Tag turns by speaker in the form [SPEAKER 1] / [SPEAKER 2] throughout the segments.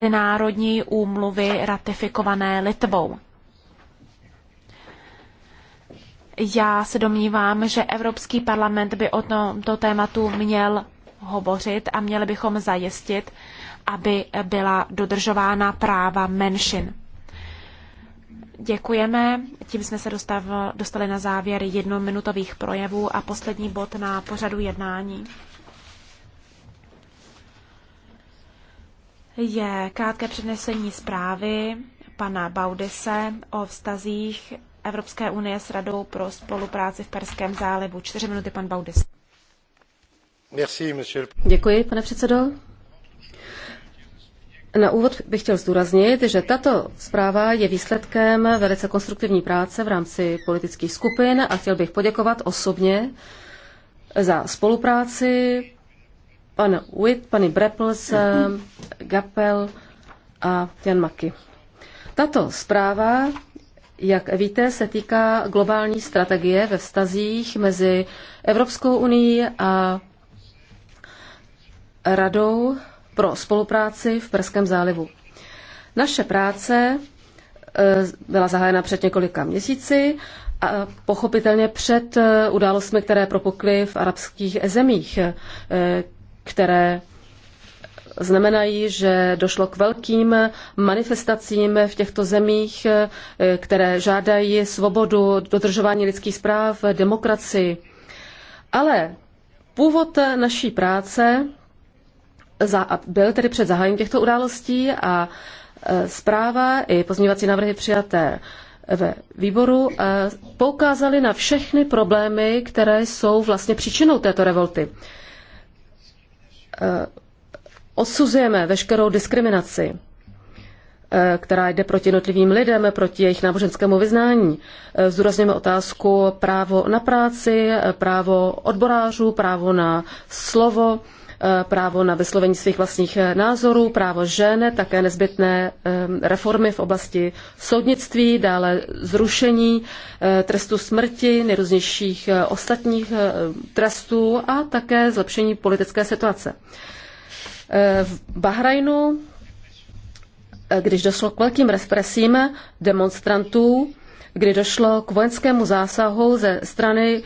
[SPEAKER 1] mezinárodní úmluvy ratifikované Litvou. Já se domnívám, že Evropský parlament by o tomto tématu měl hovořit a měli bychom zajistit, aby byla dodržována práva menšin. Děkujeme. Tím jsme se dostali na závěr jednominutových projevů a poslední bod na pořadu jednání. je krátké přednesení zprávy pana Baudise o vztazích Evropské unie s Radou pro spolupráci v Perském zálivu. Čtyři minuty, pan Baudis.
[SPEAKER 2] Děkuji, pane předsedo. Na úvod bych chtěl zdůraznit, že tato zpráva je výsledkem velice konstruktivní práce v rámci politických skupin a chtěl bych poděkovat osobně za spolupráci pan Witt, paní Brepels, mhm. eh, Gapel a Jan Maki. Tato zpráva, jak víte, se týká globální strategie ve vztazích mezi Evropskou unii a Radou pro spolupráci v Perském zálivu. Naše práce eh, byla zahájena před několika měsíci a pochopitelně před eh, událostmi, které propukly v arabských zemích které znamenají, že došlo k velkým manifestacím v těchto zemích, eh, které žádají svobodu, dodržování lidských práv, demokracii. Ale původ naší práce byl tedy před zahájením těchto událostí a eh, zpráva i pozměňovací návrhy přijaté ve výboru eh, poukázaly na všechny problémy, které jsou vlastně příčinou této revolty. Eh, odsuzujeme veškerou diskriminaci, eh, která jde proti jednotlivým lidem, proti jejich náboženskému vyznání. Eh, zdůrazněme otázku právo na práci, právo odborářů, právo na slovo, Eh, právo na vyslovení svých vlastních eh, názorů, právo žen, také nezbytné eh, reformy v oblasti soudnictví, dále zrušení trestu smrti, nejrůznějších ostatních trestů a také zlepšení politické situace. V Bahrajnu, když došlo k velkým represím demonstrantů, kdy došlo k vojenskému zásahu ze strany e,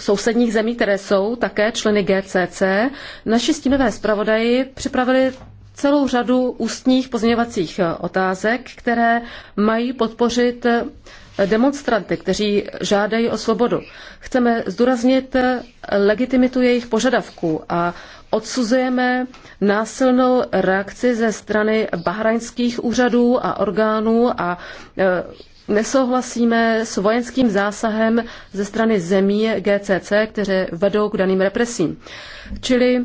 [SPEAKER 2] sousedních zemí, které jsou také členy GCC. Naši stínové zpravodaji připravili celou řadu ústních pozměňovacích e, otázek, které mají podpořit e, demonstranty, kteří žádají o svobodu. Chceme zdůraznit legitimitu jejich požadavků a odsuzujeme násilnou reakci ze strany bahrajnských úřadů a orgánů a nesouhlasíme s vojenským zásahem ze strany zemí GCC, které vedou k daným represím. Čili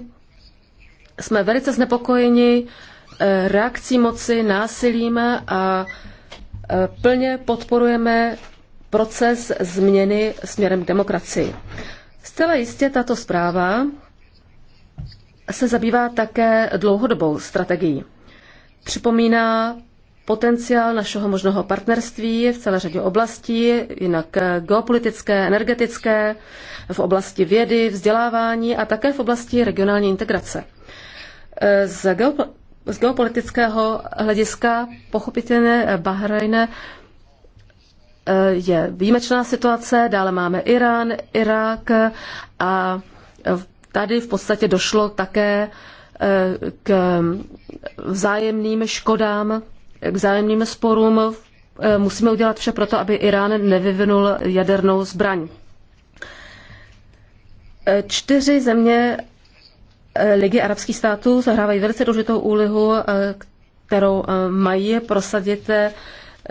[SPEAKER 2] jsme velice znepokojeni eh, reakcí moci, násilím a eh, plně podporujeme proces změny směrem k demokracii. Zcela jistě tato zpráva se zabývá také dlouhodobou strategií. Připomíná potenciál našeho možného partnerství v celé řadě oblastí, jinak geopolitické, energetické, v oblasti vědy, vzdělávání a také v oblasti regionální integrace. Z, geop- z geopolitického hlediska pochopitelně Bahrajne eh, je výjimečná situace, dále máme Irán, Irák a tady v podstatě došlo také eh, k vzájemným škodám k zájemným sporům. Eh, musíme udělat vše proto, aby Irán nevyvinul jadernou zbraň. Eh, čtyři země eh, Ligy arabských států zahrávají velice důležitou úlihu, kterou mají prosadit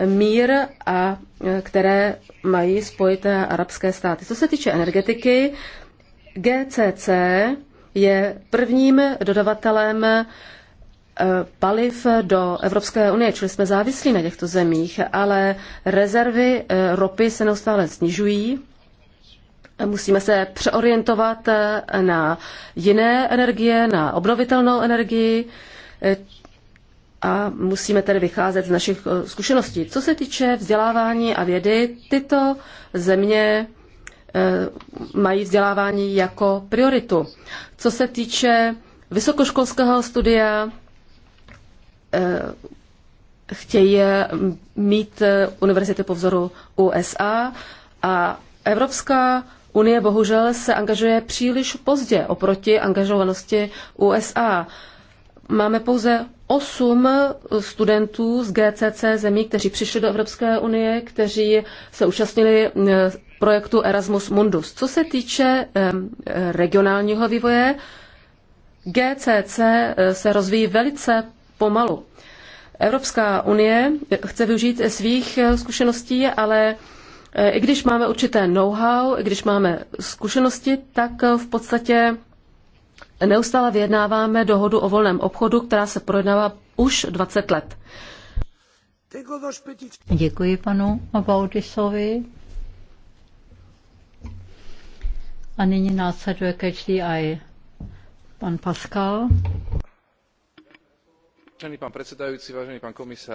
[SPEAKER 2] mír a které mají spojit arabské státy. Co se týče energetiky, GCC je prvním dodavatelem Eh, paliv do Evropské unie, čili jsme závislí na těchto zemích, ale rezervy eh, ropy se neustále snižují. Musíme se přeorientovat eh, na jiné energie, na obnovitelnou energii a musíme tedy vycházet z našich zkušeností. Co se týče vzdělávání a vědy, tyto země mají vzdělávání jako prioritu. Co se týče vysokoškolského studia, Eh, chtějí mít eh, univerzity po vzoru USA a Evropská unie bohužel se angažuje příliš pozdě oproti angažovanosti USA. Máme pouze osm studentů z GCC zemí, kteří přišli do Evropské unie, kteří se účastnili eh, projektu Erasmus Mundus. Co se týče regionálního vývoje, GCC se rozvíjí velice pomalu. Evropská unie chce využít svých eh, zkušeností, ale eh, i když máme určité know-how, i když máme zkušenosti, tak eh, v podstatě neustále vyjednáváme dohodu o volném obchodu, která se projednává už 20 let.
[SPEAKER 3] Děkuji panu Baudisovi. A nyní následuje KHDI. Pan Pascal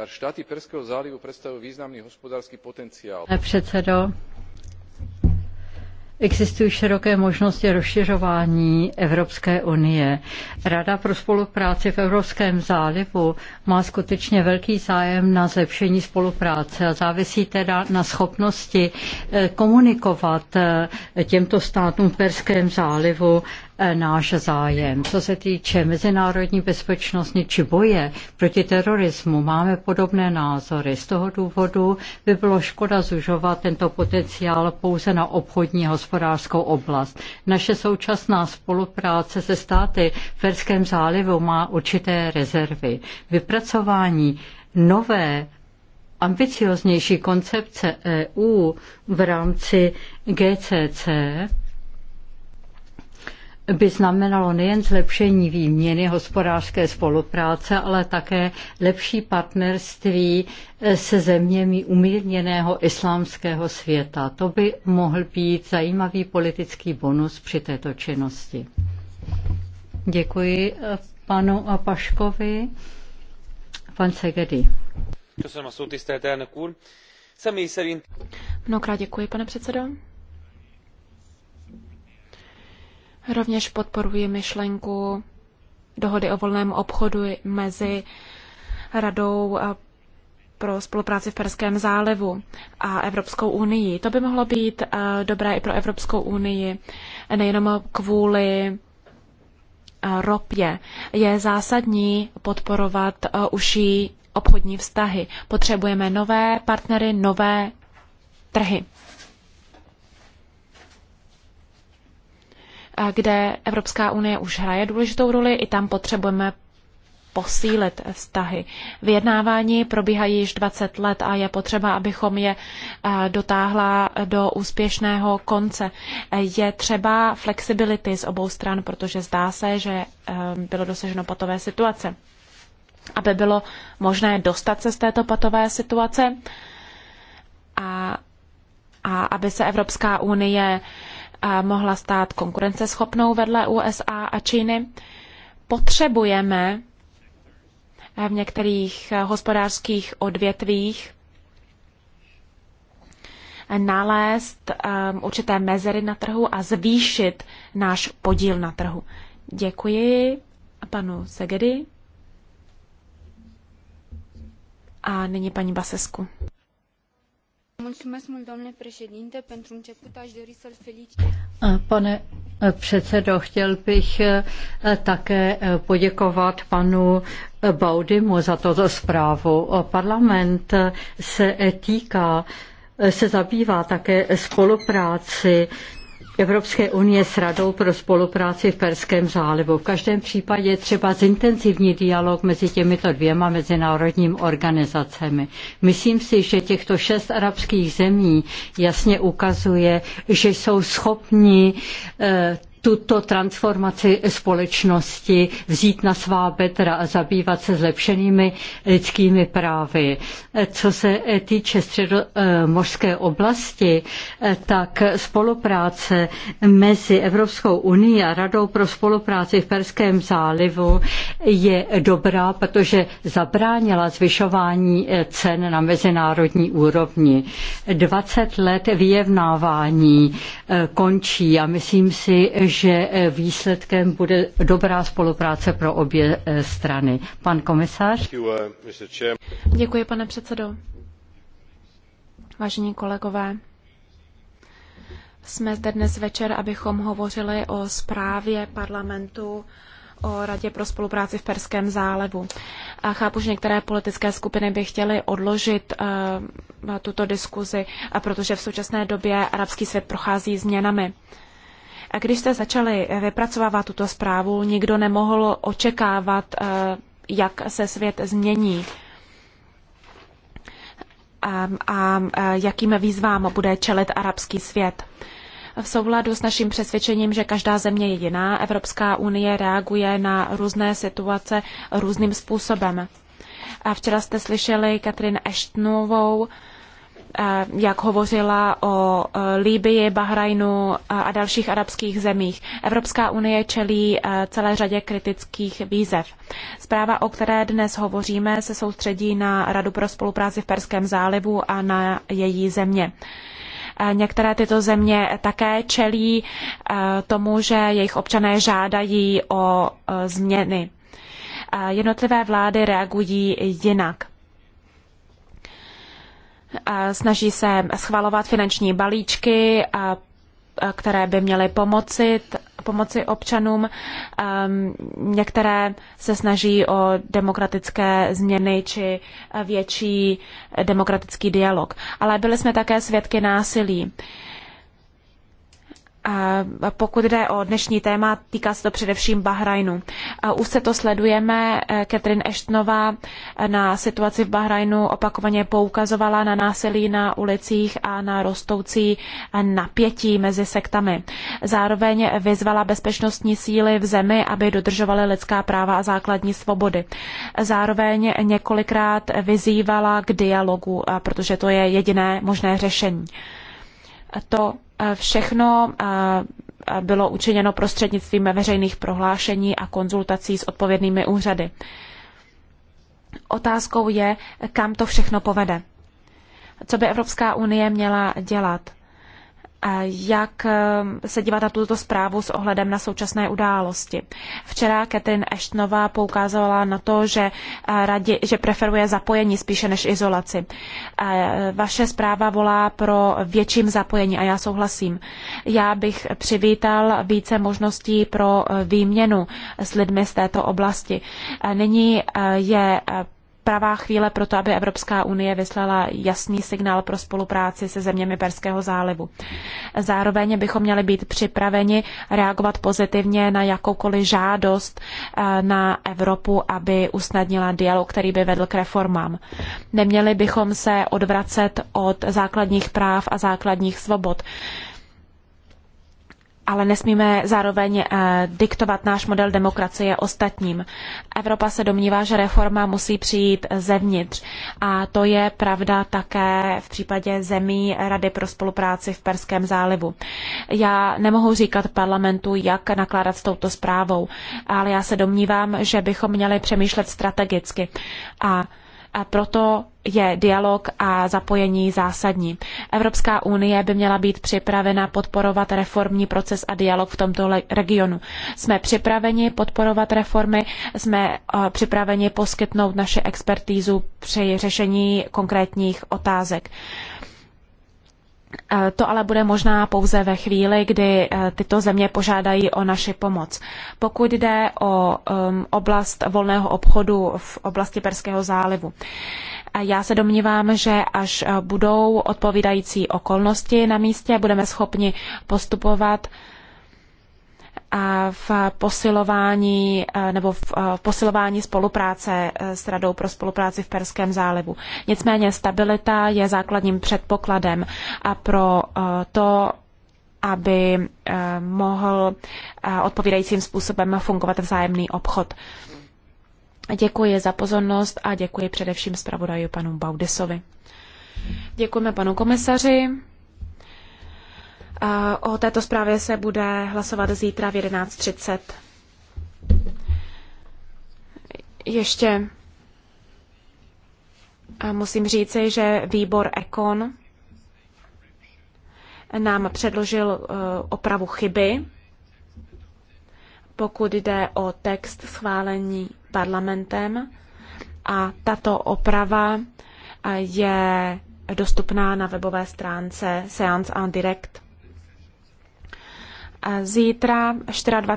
[SPEAKER 2] štáty Perského zálivu predstavujú významný hospodársky potenciál. pane
[SPEAKER 3] předsedo existují široké možnosti rozšiřování Evropské unie. Rada pro spolupráci v Evropském zálivu má skutečně velký zájem na zlepšení spolupráce a závisí teda na schopnosti eh, komunikovat eh, těmto státům v Perském zálivu Eh, náš zájem. Co se týče mezinárodní bezpečnosti či boje proti terorismu, máme podobné názory. Z toho důvodu by bylo škoda zužovat tento potenciál pouze na obchodní a hospodářskou oblast. Naše současná spolupráce se státy v Ferském zálivu má určité rezervy. Vypracování nové ambicioznější koncepce EU v rámci GCC by znamenalo nejen zlepšení výměny hospodářské spolupráce, ale také lepší partnerství se zeměmi umírněného islámského světa. To by mohl být zajímavý politický bonus při této činnosti. Děkuji eh, panu Paškovi. Pan Segedy.
[SPEAKER 1] Mnohokrát děkuji, pane předsedo. Rovněž podporuji myšlenku dohody o volném obchodu mezi Radou eh, pro spolupráci v Perském zálivu a Evropskou unii. To by mohlo být eh, dobré i pro Evropskou unii, nejenom kvůli eh, ropě. Je zásadní podporovat užší obchodní vztahy. Potřebujeme nové partnery, nové trhy. kde Evropská unie už hraje důležitou roli, i tam potřebujeme posílit vztahy. Vyjednávání probíhají již 20 let a je potřeba, abychom je eh, dotáhla do úspěšného konce. Eh, je třeba flexibility z obou stran, protože zdá se, že eh, bylo dosaženo patové situace. Aby bylo možné dostat se z této patové situace a, a aby se Evropská unie mohla stát konkurenceschopnou vedle USA a Číny. Potřebujeme v některých hospodářských odvětvích nalézt um, určité mezery na trhu a zvýšit náš podíl na trhu. Děkuji panu Segedy. A nyní paní Basesku. Pane předsedo,
[SPEAKER 3] chtěl bych také poděkovat panu Baudimu za toto zprávu. Parlament se e, týká, se zabývá také spolupráci Evropské unie s Radou pro spolupráci v Perském zálivu. V každém případě je třeba zintenzivní dialog mezi těmito dvěma mezinárodními organizacemi. Myslím si, že těchto šest arabských zemí jasně ukazuje, že jsou schopni eh, tuto transformaci společnosti vzít na svá bedra a zabývat se zlepšenými lidskými právy. Co se týče středomořské eh, oblasti, eh, tak spolupráce mezi Evropskou unii a Radou pro spolupráci v Perském zálivu je dobrá, protože zabránila zvyšování eh, cen na mezinárodní úrovni. 20 let vyjevnávání končí a myslím si, že že eh, výsledkem bude dobrá spolupráce pro obě eh, strany. Pan komisář.
[SPEAKER 2] Uh,
[SPEAKER 1] Děkuji, pane předsedo. Vážení kolegové, jsme zde dnes večer, abychom hovořili o zprávě parlamentu o Radě pro spolupráci v Perském zálevu. A chápu, že některé politické skupiny by chtěly odložit uh, tuto diskuzi, protože v současné době arabský svět prochází změnami. Uh, když jste začali vypracovávat tuto zprávu, nikdo nemohl očekávat, eh, jak se svět změní a eh, jakým výzvám bude čelit arabský svět. V souladu s naším přesvědčením, že každá země je jiná, Evropská unie reaguje na různé situace různým způsobem. A včera jste slyšeli Katrin Eštnovou, jak hovořila o e, Líbii, Bahrajnu a dalších arabských zemích. Evropská unie čelí e, celé řadě kritických výzev. Zpráva, o které dnes hovoříme, se soustředí na Radu pro spolupráci v Perském zálivu a na její země. E, některé tyto země také čelí tomu, že jejich občané žádají o změny. Jednotlivé vlády reagují jinak snaží se schvalovat finanční balíčky, které by měly pomoci, pomoci občanům. Některé se snaží o demokratické změny či větší demokratický dialog. Ale byli jsme také svědky násilí. Pokud jde o dnešní téma, týká se to především Bahrajnu. Už se to sledujeme. Eh, Catherine Ashtonová eh, na situaci v Bahrajnu opakovaně poukazovala na násilí na ulicích a na rostoucí eh, napětí mezi sektami. Zároveň vyzvala bezpečnostní síly v zemi, aby dodržovaly lidská práva a základní svobody. Zároveň několikrát vyzývala k dialogu, protože to je jediné možné řešení. To Eh, všechno eh, eh, bylo učiněno prostřednictvím veřejných prohlášení a konzultací s odpovědnými úřady. Otázkou je, kam to všechno povede. Co by Evropská unie měla dělat? jak eh, se dívat na tuto zprávu s ohledem na současné události. Včera Catherine Ashtonová poukázala na to, že, eh, radi, že preferuje zapojení spíše než izolaci. Eh, vaše zpráva volá pro větším zapojení a já souhlasím. Já bych přivítal více možností pro výměnu s lidmi z této oblasti. Nyní je pravá chvíle pro to, aby Evropská unie vyslala jasný signál pro spolupráci se zeměmi Perského zálivu. Zároveň bychom měli být připraveni reagovat pozitivně na jakoukoliv žádost eh, na Evropu, aby usnadnila dialog, který by vedl k reformám. Neměli bychom se odvracet od základních práv a základních svobod ale nesmíme zároveň eh, diktovat náš model demokracie ostatním. Evropa se domnívá, že reforma musí přijít zevnitř a to je pravda také v případě zemí Rady pro spolupráci v Perském zálivu. Já nemohu říkat parlamentu, jak nakládat s touto zprávou, ale já se domnívám, že bychom měli přemýšlet strategicky a proto je dialog a zapojení zásadní. Evropská unie by měla být připravena podporovat reformní proces a dialog v tomto regionu. Jsme připraveni podporovat reformy, jsme eh, připraveni poskytnout naše expertízu při řešení konkrétních otázek. Eh, to ale bude možná pouze ve chvíli, kdy eh, tyto země požádají o naši pomoc. Pokud jde o oblast volného obchodu v oblasti Perského zálivu, eh, já se domnívám, že až budou odpovídající okolnosti na místě, budeme schopni postupovat v posilování eh, nebo eh, v posilování spolupráce eh, s Radou pro spolupráci v Perském zálivu. Nicméně stabilita je základním předpokladem a pro to, aby mohl odpovídajícím způsobem fungovat vzájemný obchod. Děkuji za pozornost a děkuji především zpravodaji panu Baudisovi. Děkujeme panu komisaři. O této zprávě se bude hlasovat zítra v 11.30. Ještě musím říci, že výbor Ekon nám předložil e, opravu chyby, pokud jde o text schválení parlamentem. A tato oprava e, je dostupná na webové stránce Seance on Direct. Zítra 24.